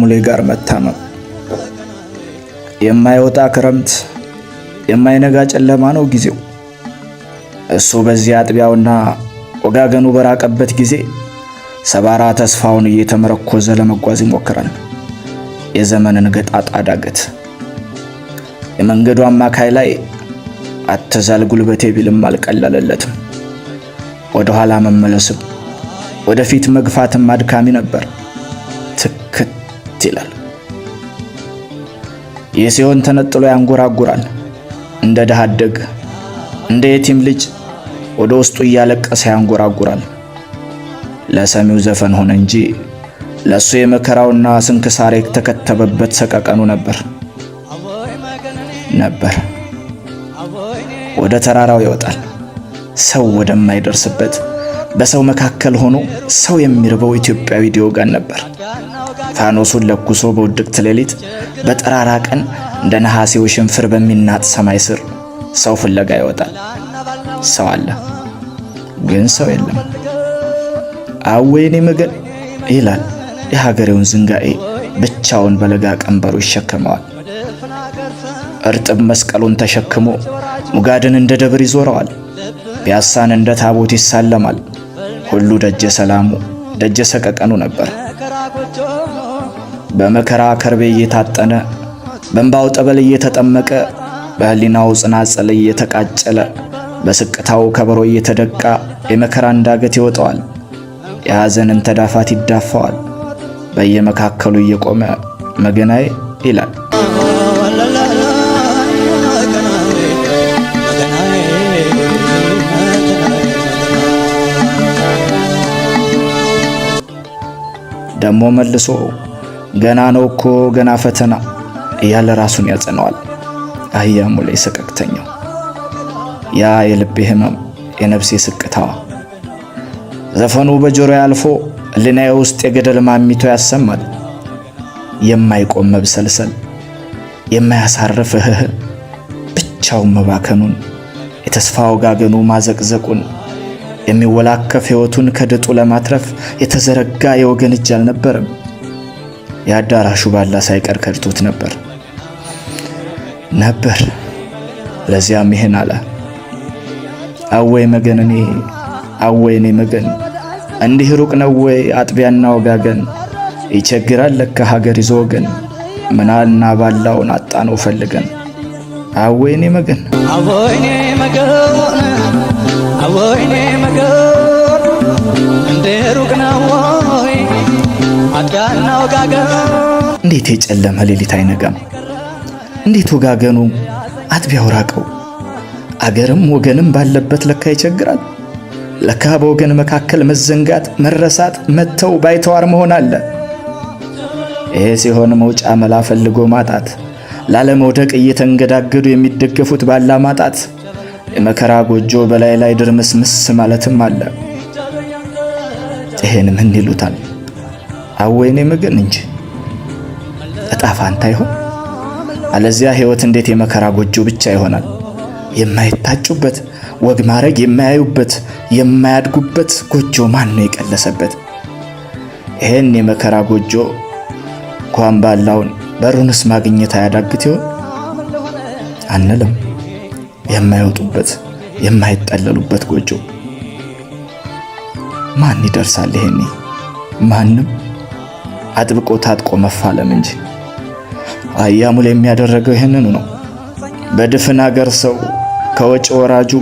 ሙሌ ጋር መታመም፣ የማይወጣ ክረምት፣ የማይነጋ ጨለማ ነው ጊዜው። እሱ በዚህ አጥቢያውና ወጋገኑ በራቀበት ጊዜ ሰባራ ተስፋውን እየተመረኮዘ ለመጓዝ ይሞክራል። የዘመንን ገጣጣ ዳገት የመንገዱ አማካይ ላይ አትዛል ጉልበቴ ቢልም አልቀለለለትም። ወደ ኋላ መመለስም ወደፊት መግፋትም አድካሚ ነበር። ይላል። ይህ ሲሆን ተነጥሎ ያንጎራጉራል እንደ ድሃ አደግ እንደ የቲም ልጅ ወደ ውስጡ እያለቀሰ ያንጎራጉራል። ለሰሚው ዘፈን ሆነ እንጂ ለሱ የመከራውና ስንክሳር የተከተበበት ሰቀቀኑ ነበር ነበር። ወደ ተራራው ይወጣል፣ ሰው ወደማይደርስበት በሰው መካከል ሆኖ ሰው የሚርበው ኢትዮጵያዊ ዲዮጋን ነበር። ፋኖሱን ለኩሶ በውድቅት ሌሊት በጠራራ ቀን እንደ ነሐሴው ሽንፍር በሚናጥ ሰማይ ስር ሰው ፍለጋ ይወጣል። ሰው አለ ግን ሰው የለም። አወይኔ መገን ይላል የሀገሬውን ዝንጋኤ ብቻውን በለጋ ቀንበሩ ይሸከመዋል። እርጥብ መስቀሉን ተሸክሞ ሙጋድን እንደ ደብር ይዞረዋል። ቢያሳን እንደ ታቦት ይሳለማል። ሁሉ ደጀ ሰላሙ ደጀ ሰቀቀኑ ነበር። በመከራ ከርቤ እየታጠነ በእንባው ጠበል እየተጠመቀ በህሊናው ጽናጽል እየተቃጨለ በስቅታው ከበሮ እየተደቃ የመከራ እንዳገት ይወጠዋል። የሐዘንን ተዳፋት ይዳፋዋል። በየመካከሉ እየቆመ መገናዬ ይላል። ደግሞ መልሶ ገና ነው እኮ ገና ፈተና እያለ ራሱን ያጸነዋል። አህያሙ ላይ ሰቀቅተኛው፣ ያ የልቤ ህመም፣ የነፍሴ ስቅታዋ ዘፈኑ በጆሮ አልፎ ልናዬ ውስጥ የገደል ማሚቶ ያሰማል። የማይቆም መብሰልሰል፣ የማያሳርፍ እህህ፣ ብቻውን መባከኑን፣ የተስፋ ወጋገኑ ማዘቅዘቁን የሚወላከፍ ሕይወቱን ከድጡ ለማትረፍ የተዘረጋ የወገን እጅ አልነበረም። የአዳራሹ ባላ ሳይቀር ከድቶት ነበር ነበር። ለዚያም ይህን አለ። አወይ እኔ አወይ እኔ መገን፣ እንዲህ ሩቅ ነው ወይ አጥቢያና ወጋገን? ይቸግራል ለካ ሀገር ይዞ ወገን፣ ምናልና ባላውን አጣነው ፈልገን። አወይ እኔ መገን ወይኔ መገር እንደ ሩቅ ነው ወይ አዳና ወጋገን እንዴት የጨለመ ሌሊት አይነጋም? እንዴት ወጋገኑ አጥቢያው ራቀው? አገርም ወገንም ባለበት ለካ ይቸግራል። ለካ በወገን መካከል መዘንጋት፣ መረሳት፣ መተው ባይተዋር መሆን አለ። ይህ ሲሆን መውጫ መላ ፈልጎ ማጣት፣ ላለመውደቅ እየተንገዳገዱ የሚደገፉት ባላ ማጣት የመከራ ጎጆ በላይ ላይ ድርምስምስ ማለትም አለ። ይሄን ምን ይሉታል? አወይኔ ምግን እንጂ እጣ ፋንታ ይሆን? አለዚያ ህይወት እንዴት የመከራ ጎጆ ብቻ ይሆናል? የማይታጩበት ወግ ማረግ የማያዩበት የማያድጉበት ጎጆ ማን ነው የቀለሰበት? ይሄን የመከራ ጎጆ ኳምባላውን በሩንስ ማግኘት አያዳግት ይሆን አንልም። የማይወጡበት የማይጠለሉበት ጎጆ ማን ይደርሳል? ይሄኔ ማንም አጥብቆ ታጥቆ መፋለም እንጂ አያሙል የሚያደረገው ይህንኑ ነው። በድፍን አገር ሰው ከወጪ ወራጁ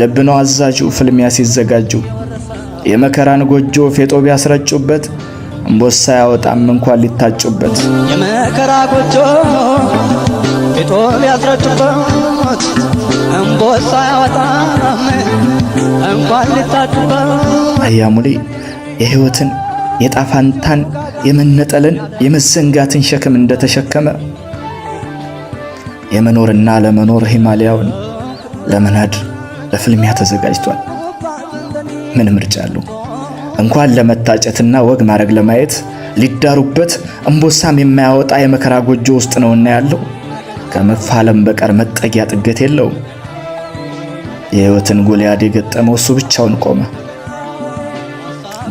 ልብ ነው አዛዡ ፍልሚያ ሲዘጋጁ የመከራን ጎጆ ፌጦ ቢያስረጩበት እምቦሳ ያወጣም እንኳን ሊታጩበት የመከራ ጎጆ ፊቶ ቢያስረጩበት እንቦሳ ያወጣም እንኳን ሊታጩበት አያሙሌ የህይወትን የጣፋንታን የመነጠልን የመዘንጋትን ሸክም እንደተሸከመ የመኖርና ለመኖር ሂማሊያውን ለመናድ ለፍልሚያ ተዘጋጅቷል። ምን ምርጫ አለው? እንኳን ለመታጨትና ወግ ማድረግ ለማየት ሊዳሩበት እምቦሳም የማያወጣ የመከራ ጎጆ ውስጥ ነውና ያለው። ከመፋለም በቀር መጠጊያ ጥገት የለውም። የሕይወትን ጎልያድ የገጠመው እሱ ብቻውን ቆመ።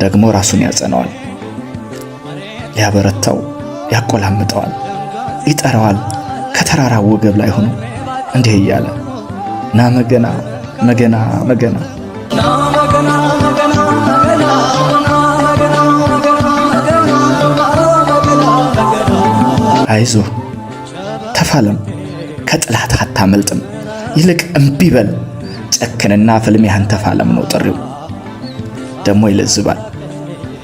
ደግሞ ራሱን ያጸነዋል፣ ሊያበረታው፣ ያቆላምጠዋል፣ ይጠራዋል። ከተራራው ወገብ ላይ ሆኖ እንዲህ እያለ ና መገና መገና መገና አይዞህ አትታለም፣ ከጥላት አታመልጥም። ይልቅ እምቢበል ጨክንና ፍልሚያህን ተፋለም ነው ጥሪው። ደግሞ ይለዝባል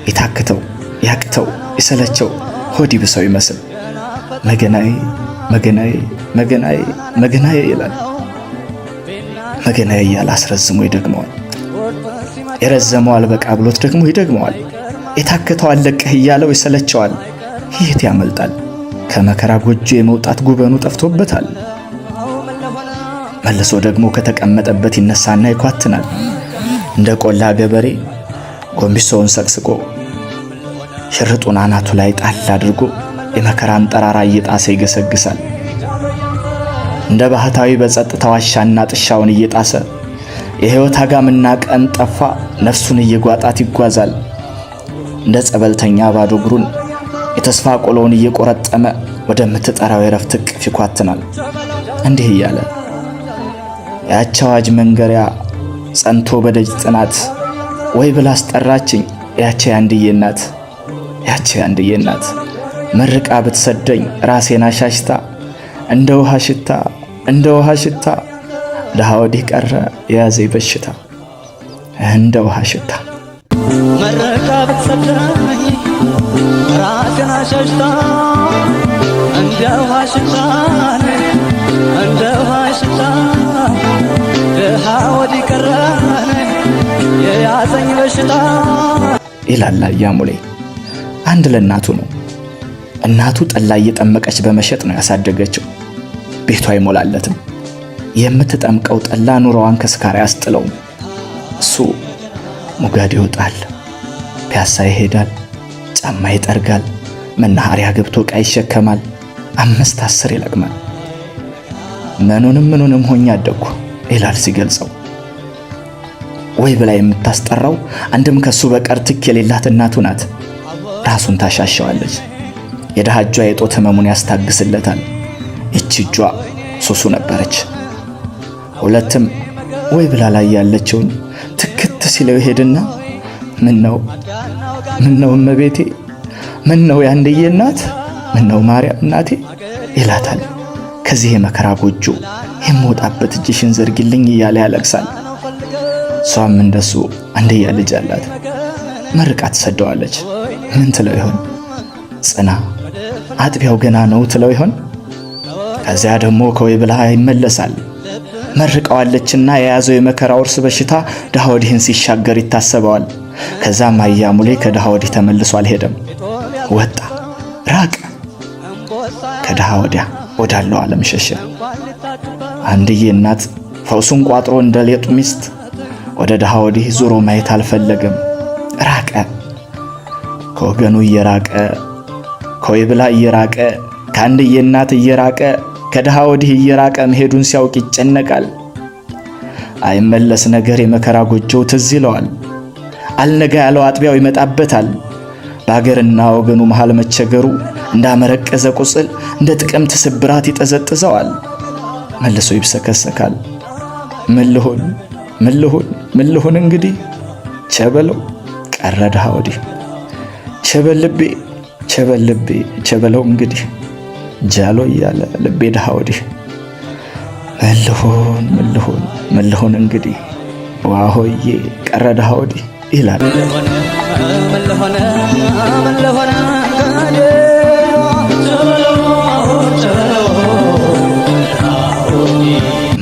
የታክተው ያቅተው የሰለቸው ሆዲ ብሰው ይመስል መገናዬ መገናዬ መገናዬ መገናዬ ይላል። መገናዬ እያለ አስረዝሞ ይደግመዋል። የረዘመው አልበቃ ብሎት ደግሞ ይደግመዋል። የታክተው አለቀህ እያለው ይሰለቸዋል። ይህት ያመልጣል ከመከራ ጎጆ የመውጣት ጉበኑ ጠፍቶበታል። መልሶ ደግሞ ከተቀመጠበት ይነሳና ይኳትናል። እንደ ቆላ ገበሬ ጎንቢሶውን ሰቅስቆ ሽርጡን አናቱ ላይ ጣል አድርጎ የመከራን ጠራራ እየጣሰ ይገሰግሳል። እንደ ባህታዊ በጸጥታ ዋሻና ጥሻውን እየጣሰ የሕይወት አጋምና ቀን ጠፋ ነፍሱን እየጓጣት ይጓዛል። እንደ ጸበልተኛ ባዶ እግሩን የተስፋ ቆሎውን እየቆረጠመ ወደምትጠራው የረፍት እቅፍ ይኳትናል። እንዲህ እያለ ያች አዋጅ መንገሪያ ጸንቶ በደጅ ጥናት ወይ ብላ አስጠራችኝ ያቼ አንድዬ እናት ያቼ አንድዬ እናት መርቃ ብትሰደኝ ራሴን አሻሽታ እንደ ውሃ ሽታ እንደ ውሃ ሽታ ድሃ ወዲህ ቀረ የያዘኝ በሽታ እንደ ውሃ ሽታ መርቃ ብትሰደኝ ጨና እንደ ውሃ እንደ ውሃ ድሃ ወዲህ የያዘኝ በሽታ ይላል አያሙሌ። አንድ ለእናቱ ነው። እናቱ ጠላ እየጠመቀች በመሸጥ ነው ያሳደገችው። ቤቷ አይሞላለትም። የምትጠምቀው ጠላ ኑሮዋን ከስካር አያስጥለውም። እሱ ሙጋድ ይወጣል፣ ፒያሳ ይሄዳል፣ ጫማ ይጠርጋል። መናኸሪያ ገብቶ ዕቃ ይሸከማል። አምስት አስር ይለቅማል። ምኑንም ምኑንም ሆኜ አደግኩ ይላል ሲገልጸው። ወይ ብላ የምታስጠራው አንድም ከሱ በቀር ትክ የሌላት እናቱ ናት። ራሱን ታሻሸዋለች። የድሃ እጇ የጦት ህመሙን ያስታግስለታል። ይቺ እጇ ሱሱ ነበረች። ሁለትም ወይ ብላ ላይ ያለችውን ትክት ሲለው ይሄድና ምን ነው ምን ነው እመቤቴ ምን ነው ያንድዬ እናት ምን ነው ማርያም እናቴ ይላታል። ከዚህ የመከራ ጎጆ የምወጣበት እጅሽን ዘርግልኝ እያለ ያለቅሳል። እሷም እንደሱ አንድያ ልጅ አላት። መርቃ ትሰደዋለች። ምን ትለው ይሆን? ጽና አጥቢያው ገና ነው ትለው ይሆን? ከዚያ ደግሞ ከወይ ብልሃ ይመለሳል። መርቀዋለችና የያዘው የመከራ ውርስ በሽታ ድሃ ወዲህን ሲሻገር ይታሰበዋል። ከዛም አያ ሙሌ ከድሃ ወዲህ ተመልሶ አልሄደም። ወጣ፣ ራቀ፣ ከድሃ ወዲያ ወዳለው ዓለም ሸሸ። አንድዬ እናት ፈውሱን ቋጥሮ እንደ ሌጡ ሚስት ወደ ድሃ ወዲህ ዞሮ ማየት አልፈለገም። ራቀ፣ ከወገኑ እየራቀ ከወይብላ እየራቀ ከአንድዬ እናት እየራቀ ከድሃ ወዲህ እየራቀ መሄዱን ሲያውቅ ይጨነቃል። አይመለስ ነገር የመከራ ጎጆው ትዝ ይለዋል። አልነጋ ያለው አጥቢያው ይመጣበታል። በአገርና ወገኑ መሃል መቸገሩ እንዳመረቀዘ ቁስል እንደ ጥቅምት ስብራት ይጠዘጥዘዋል። መልሶ ይብሰከሰካል። ምልሁን ምልሁን ምልሁን እንግዲህ ቸበለው ቀረ ወዲህ ቸበል ልቤ ቸበል ልቤ ቸበለው እንግዲህ ጃሎ እያለ ልቤ ድሃ ወዲህ ምልሁን ምልሁን ምልሁን እንግዲህ ዋሆዬ ቀረ ወዲህ ይላል።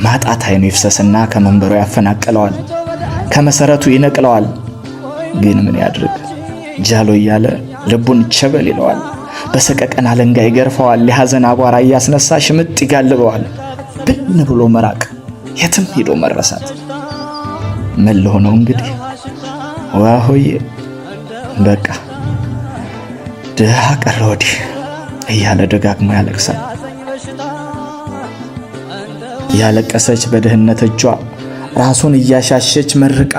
ማጣት አይኑ ይፍሰስና ከመንበሩ ያፈናቅለዋል፣ ከመሰረቱ ይነቅለዋል። ግን ምን ያድርግ ጃሎ እያለ ልቡን ቸበል ይለዋል። በሰቀቀን አለንጋ ይገርፈዋል። የሐዘን አቧራ እያስነሳ ሽምጥ ይጋልበዋል። ብን ብሎ መራቅ የትም ሂዶ መረሳት ምን ነው እንግዲህ ዋሆዬ በቃ ድሃ ቀረ ወዲህ እያለ ደጋግሞ ያለቅሳል። ያለቀሰች በድህነት እጇ ራሱን እያሻሸች መርቃ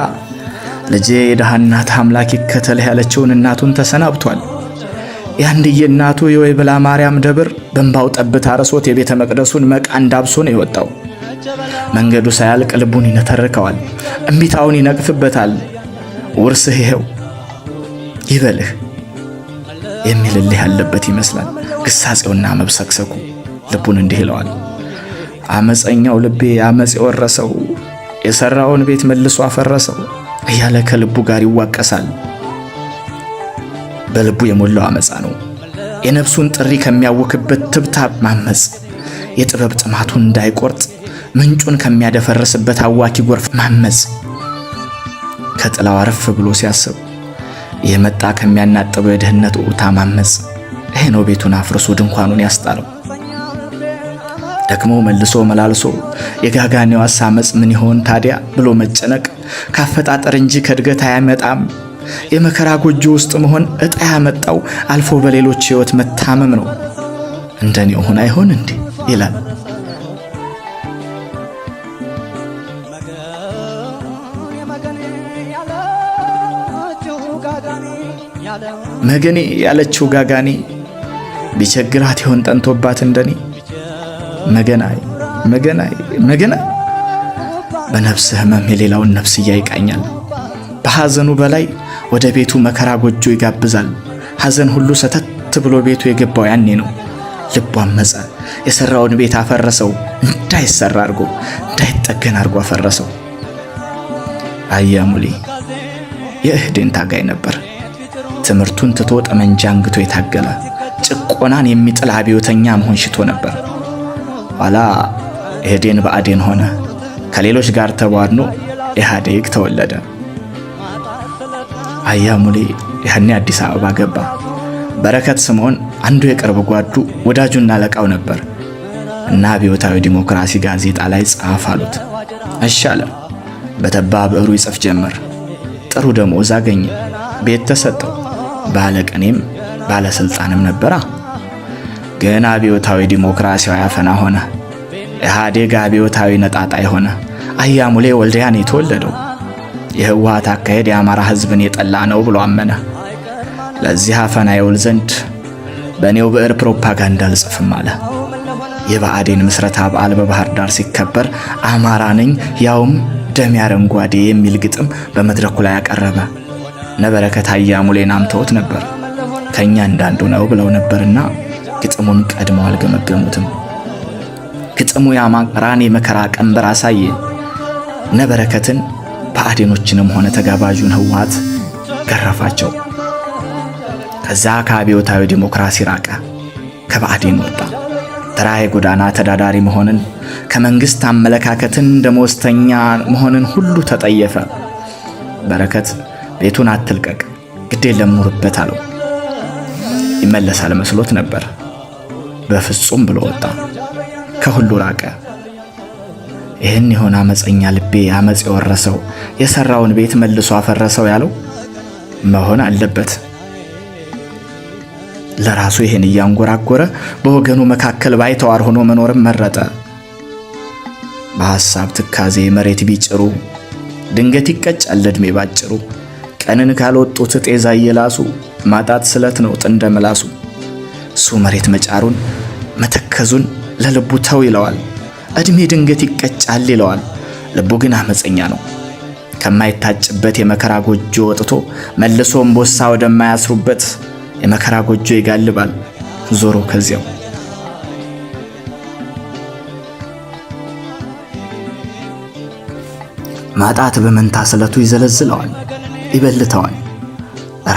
ልጄ የድሃ እናት አምላክ ይከተልህ ያለችውን እናቱን ተሰናብቷል። የአንድዬ እናቱ የወይብላ ማርያም ደብር በንባው ጠብታ ረሶት የቤተ መቅደሱን መቃ እንዳብሶ ነው የወጣው። መንገዱ ሳያልቅ ልቡን ይነተርከዋል፣ እምቢታውን ይነቅፍበታል። ውርስህ ይሄው ይበልህ የሚልልህ ያለበት ይመስላል። ግሳጼውና መብሰክሰኩ ልቡን እንዲህ ይለዋል። አመፀኛው ልቤ አመፅ የወረሰው የሰራውን ቤት መልሶ አፈረሰው እያለ ከልቡ ጋር ይዋቀሳል። በልቡ የሞላው አመፃ ነው። የነፍሱን ጥሪ ከሚያውክበት ትብታብ ማመፅ፣ የጥበብ ጥማቱን እንዳይቆርጥ ምንጩን ከሚያደፈርስበት አዋኪ ጎርፍ ማመፅ፣ ከጥላው አረፍ ብሎ ሲያስብ የመጣ ከሚያናጥበው የድህነት ውታ ማመፅ ይሄ ነው ቤቱን አፍርሶ ድንኳኑን ያስጣለው። ደግሞ መልሶ መላልሶ የጋጋኔው አሳመፅ ምን ይሆን ታዲያ ብሎ መጨነቅ ካፈጣጠር እንጂ ከእድገት አያመጣም። የመከራ ጎጆ ውስጥ መሆን እጣ ያመጣው አልፎ በሌሎች ሕይወት መታመም ነው። እንደኔ ሆን አይሆን እንዴ ይላል። መገኔ ያለችው ጋጋኔ ቢቸግራት ይሆን ጠንቶባት እንደኔ መገናይ መገናይ መገና በነፍስህ ህመም የሌላውን ነፍስያ ይቃኛል። በሐዘኑ በላይ ወደ ቤቱ መከራ ጎጆ ይጋብዛል። ሐዘን ሁሉ ሰተት ብሎ ቤቱ የገባው ያኔ ነው። ልቡ አመፀ፣ የሠራውን ቤት አፈረሰው። እንዳይሠራ አድርጎ እንዳይጠገን አድርጎ አፈረሰው። አያሙሌ የእህዴን ታጋይ ነበር። ትምህርቱን ትቶ ጠመንጃ አንግቶ የታገለ ጭቆናን የሚጥል አብዮተኛ መሆን ሽቶ ነበር። ኋላ ኢህዴን ብአዴን ሆነ። ከሌሎች ጋር ተቧድኖ ኢህአዴግ ተወለደ። አያ ሙሌ ያኔ አዲስ አበባ ገባ። በረከት ስምዖን አንዱ የቅርብ ጓዱ ወዳጁና አለቃው ነበር እና አብዮታዊ ዲሞክራሲ ጋዜጣ ላይ ጻፍ አሉት። እሺ አለ። በተባ ብዕሩ ይጽፍ ጀመር። ጥሩ ደሞዝ አገኘ። ቤት ተሰጠው። ባለቀኔም ባለስልጣንም ነበራ። ግን አብዮታዊ ዲሞክራሲያዊ አፈና ሆነ። ኢህአዴግ አብዮታዊ ነጣጣይ ሆነ። አያሙሌ ወልዲያን የተወለደው የህወሓት አካሄድ የአማራ ህዝብን የጠላ ነው ብሎ አመነ። ለዚህ አፈና የውል ዘንድ በእኔው ብዕር ፕሮፓጋንዳ አልጽፍም አለ። የብአዴን ምስረታ በዓል በባህር ዳር ሲከበር አማራ ነኝ ያውም ደሜ አረንጓዴ የሚል ግጥም በመድረኩ ላይ አቀረበ። ነበረከት አያሙሌን አምተውት ነበር ከእኛ እንዳንዱ ነው ብለው ነበርና ግጥሙን ቀድመው አልገመገሙትም። ግጥሙ የአማራን የመከራ ቀንበር አሳየ። ነበረከትን በአዴኖችንም ሆነ ተጋባዡን ህወሓት ገረፋቸው። ከዛ ከአብዮታዊ ዲሞክራሲ ራቀ፣ ከብአዴን ወጣ። ተራይ ጎዳና ተዳዳሪ መሆንን ከመንግስት አመለካከትን ደመወዝተኛ መሆንን ሁሉ ተጠየፈ። በረከት ቤቱን አትልቀቅ፣ ግዴ ለምኖርበት አለው። ይመለሳል መስሎት ነበር። በፍጹም ብሎ ወጣ፣ ከሁሉ ራቀ። ይህን የሆነ አመፀኛ ልቤ አመፅ የወረሰው የሰራውን ቤት መልሶ አፈረሰው ያለው መሆን አለበት። ለራሱ ይህን እያንጎራጎረ በወገኑ መካከል ባይተዋር ሆኖ መኖርም መረጠ። በሐሳብ ትካዜ መሬት ቢጭሩ ድንገት ይቀጫል ዕድሜ ባጭሩ። ቀንን ካልወጡት ጤዛ እየላሱ ማጣት ስለት ነው ጥንደ ምላሱ። እሱ መሬት መጫሩን መተከዙን ለልቡ ተው ይለዋል። እድሜ ድንገት ይቀጫል ይለዋል። ልቡ ግን አመፀኛ ነው። ከማይታጭበት የመከራ ጎጆ ወጥቶ መልሶ እምቦሳ ወደማያስሩበት የመከራ ጎጆ ይጋልባል ዞሮ ከዚያው ማጣት በመንታ ስለቱ ይዘለዝለዋል። ይበልተዋል።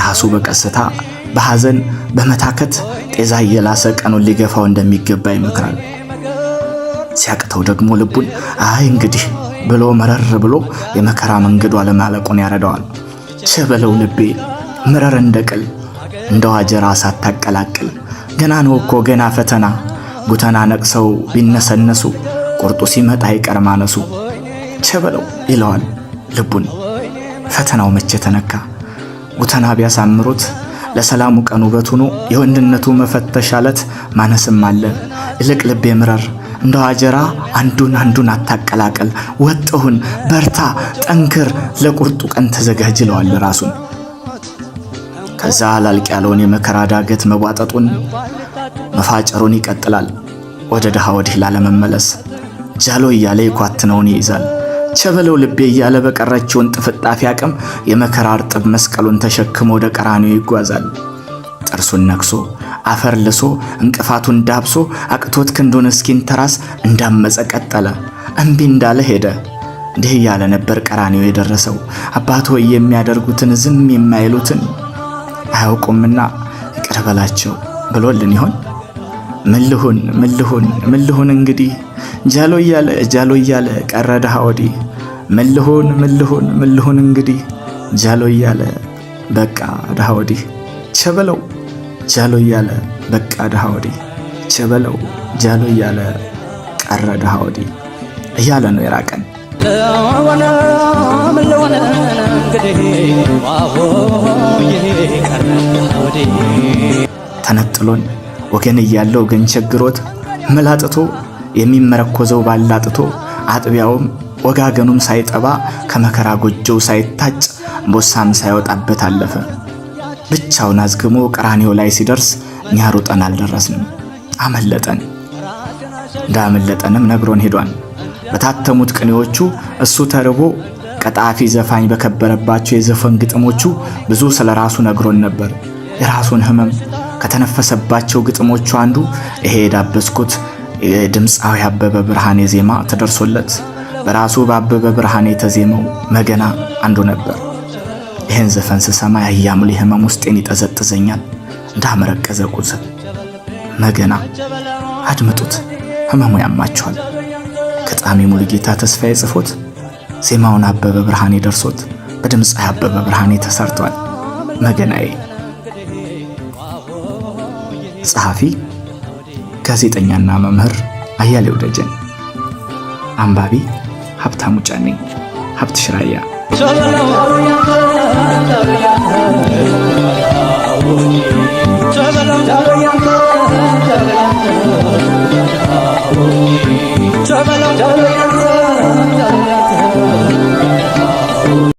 ራሱ በቀስታ በሐዘን በመታከት ጤዛ እየላሰ ቀኑን ሊገፋው እንደሚገባ ይመክራል። ሲያቅተው ደግሞ ልቡን አይ እንግዲህ ብሎ መረር ብሎ የመከራ መንገዱ አለማለቁን ያረዳዋል። በለው ልቤ ምረር እንደ ቅል እንደ ዋጀራ ሳታቀላቅል ገና ነው እኮ ገና ፈተና ጉተና ነቅሰው ቢነሰነሱ ቁርጡ ሲመጣ ይቀርማነሱ ማነሱ ቸበለው ይለዋል ልቡን ፈተናው መቼ ተነካ? ጉተና ቢያሳምሩት ለሰላሙ ቀን ውበት ሆኖ የወንድነቱ መፈተሻ አለት ማነስም አለ። እልቅ ልቤ ምረር እንደ አጀራ አንዱን አንዱን አታቀላቀል። ወጥሁን በርታ፣ ጠንክር፣ ለቁርጡ ቀን ተዘጋጅ ይለዋል ራሱን። ከዛ አላልቅ ያለውን የመከራ ዳገት መቧጠጡን መፋጨሩን ይቀጥላል። ወደ ድሃ ወዲህ ላለመመለስ ጃሎ እያለ ይኳትነውን ይይዛል። ቸበለው ልቤ እያለ በቀረችውን ጥፍጣፊ አቅም የመከራ እርጥብ መስቀሉን ተሸክሞ ወደ ቀራኒው ይጓዛል። ጥርሱን ነክሶ አፈር ልሶ እንቅፋቱን ዳብሶ አቅቶት ክንዱን ተራስ እንዳመፀ ቀጠለ። እምቢ እንዳለ ሄደ። እንዲህ እያለ ነበር ቀራኒው የደረሰው። አባት ሆይ የሚያደርጉትን ዝም የማይሉትን አያውቁምና ይቅር በላቸው ብሎልን ይሆን? ምልሁን ምልሁን ምልሁን እንግዲህ ጃሎ እያለ ጃሎ እያለ ቀረ ድሃ ወዲህ ምልሁን ምልሁን ምልሁን እንግዲህ ጃሎ እያለ በቃ ድሃ ወዲህ ቸበለው ጃሎ እያለ በቃ ድሃ ወዲህ ቸበለው ጃሎ እያለ ቀረ ድሃ ወዲህ እያለ ነው የራቀን ተነጥሎን ወገን እያለው ግን ቸግሮት መላጥቶ የሚመረኮዘው ባላጥቶ አጥቢያውም ወጋገኑም ሳይጠባ ከመከራ ጎጆው ሳይታጭ ቦሳም ሳይወጣበት አለፈ። ብቻውን አዝግሞ ቀራኔው ላይ ሲደርስ እኛ ሩጠን አልደረስንም፣ አመለጠን። እንዳመለጠንም ነግሮን ሄዷል። በታተሙት ቅኔዎቹ እሱ ተርቦ ቀጣፊ ዘፋኝ በከበረባቸው የዘፈን ግጥሞቹ ብዙ ስለ ራሱ ነግሮን ነበር። የራሱን ህመም ከተነፈሰባቸው ግጥሞቹ አንዱ ይሄ የዳበስኩት ድምፃዊ አበበ ብርሃኔ ዜማ ተደርሶለት በራሱ በአበበ ብርሃኔ የተዜመው መገና አንዱ ነበር። ይህን ዘፈን ስሰማ ያያምል ህመም ውስጤን ይጠዘጥዘኛል እንዳመረቀዘ ቁስል። መገና አድምጡት፣ ህመሙ ያማችኋል። ገጣሚ ሙሉጌታ ተስፋዬ ጽፎት ዜማውን አበበ ብርሃኔ ደርሶት በድምፃዊ አበበ ብርሃኔ ተሰርቷል። መገናዬ ጸሐፊ፣ ጋዜጠኛና መምህር አያሌው ደጀን፣ አንባቢ ሀብታሙ ጫኔ፣ ሀብት ሽራያ